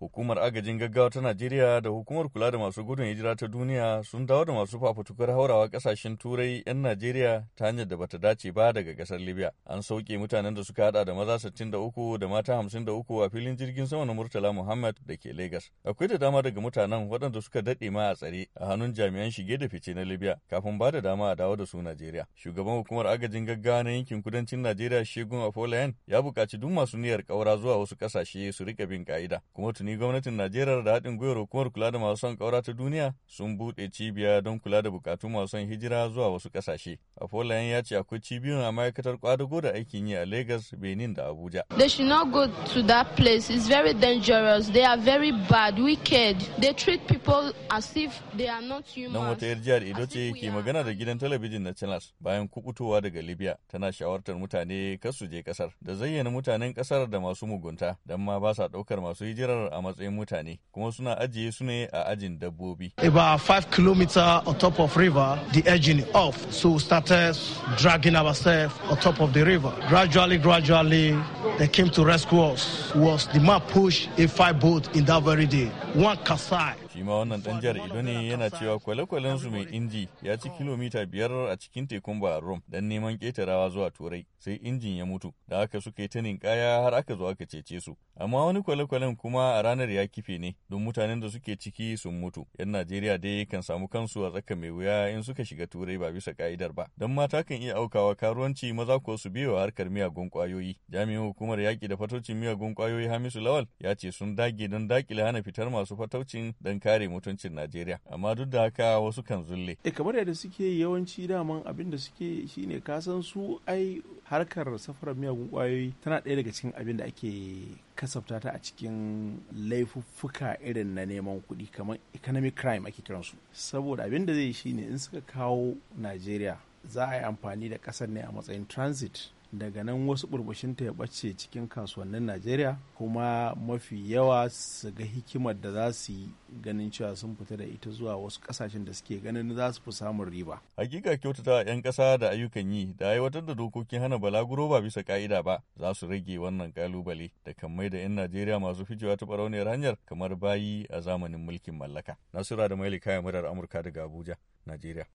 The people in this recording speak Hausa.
Hukumar agajin gaggawa ta Najeriya da hukumar kula da masu gudun hijira ta duniya sun dawo da masu fafutukar haurawa kasashen turai 'yan Najeriya ta hanyar da bata dace ba daga kasar Libya. An sauke mutanen da suka hada da maza 63 da mata 53 a filin jirgin sama na Murtala Muhammad da ke Legas. Akwai da dama daga mutanen waɗanda suka daɗe ma a tsare a hannun jami'an shige da fice na Libya kafin ba da dama a dawo da su Najeriya. Shugaban hukumar agajin gaggawa na yankin kudancin Najeriya Shegun Afolayan ya buƙaci duk masu niyyar ƙaura zuwa wasu ƙasashe su riƙa bin ƙa'ida. Kuma tuni gwamnatin Najeriya da haɗin gwiwar hukumar kula da masu son ƙaura ta duniya sun buɗe cibiya don kula da bukatun masu son hijira zuwa wasu ƙasashe. Folayen ya ce akwai cibiyoyin a ma'aikatar kwadago da aikin yi a Lagos, Benin da Abuja. They should not go to that place. It's very dangerous. They are very bad, wicked. They treat people as if they are not human. Nan wata yar jihar ido ce ke magana da gidan talabijin na Channels bayan kubutowa daga Libya tana shawartar mutane kar su je kasar da zayyana mutanen kasar da masu mugunta don ma ba sa ɗaukar masu hijirar a matsayin mutane kuma suna ajiye su ne a ajin dabbobi. About 5 kilometers on top of river, the engine off, so started dragging ourselves on top of the river. Gradually, gradually, they came to rescue us. Was the man pushed a five boat in that very day. One Kasai. shi ma wannan dan jihar ido ne yana cewa kwale-kwalen su mai inji ya ci kilomita biyar a cikin tekun rom don neman ketarawa zuwa turai sai injin ya mutu da haka suka yi ta ninkaya har aka zo aka cece su amma wani kwale-kwalen kuma a ranar ya kife ne don mutanen da suke ciki sun mutu yan najeriya dai kan samu kansu a tsaka mai wuya in suka shiga turai ba bisa ka'idar ba don mata kan iya aukawa karuwanci maza ko su biyo harkar miyagun kwayoyi jami'in hukumar yaƙi da fatocin miyagun kwayoyi hamisu lawal ya ce sun dage don dakile hana fitar masu fataucin dan kare mutuncin Najeriya amma duk da haka wasu kan zulle. E kamar yadda suke yawanci daman abin da suke shine kasan su ai harkar safarar miyagun kwayoyi tana ɗaya daga cikin abin da ake kasafta ta a cikin laifuffuka irin na neman kuɗi kamar economic crime ake su saboda abin da zai shine in suka kawo Najeriya za a yi amfani da ƙasar ne a matsayin transit daga nan wasu burbushinta ya ɓace cikin kasuwannin najeriya kuma mafi yawa su ga hikimar da za su yi ganin cewa sun fita da ita zuwa wasu kasashen da suke ganin za su fi samun riba hakika kyautata 'yan ƙasa da ayyukan yi da aiwatar da dokokin hana balaguro ba bisa ka'ida ba za su rage wannan kalubale da kan mai da 'yan najeriya masu ficewa ta barauniyar hanyar kamar bayi a zamanin mulkin mallaka nasira da maili kayan murar amurka daga abuja najeriya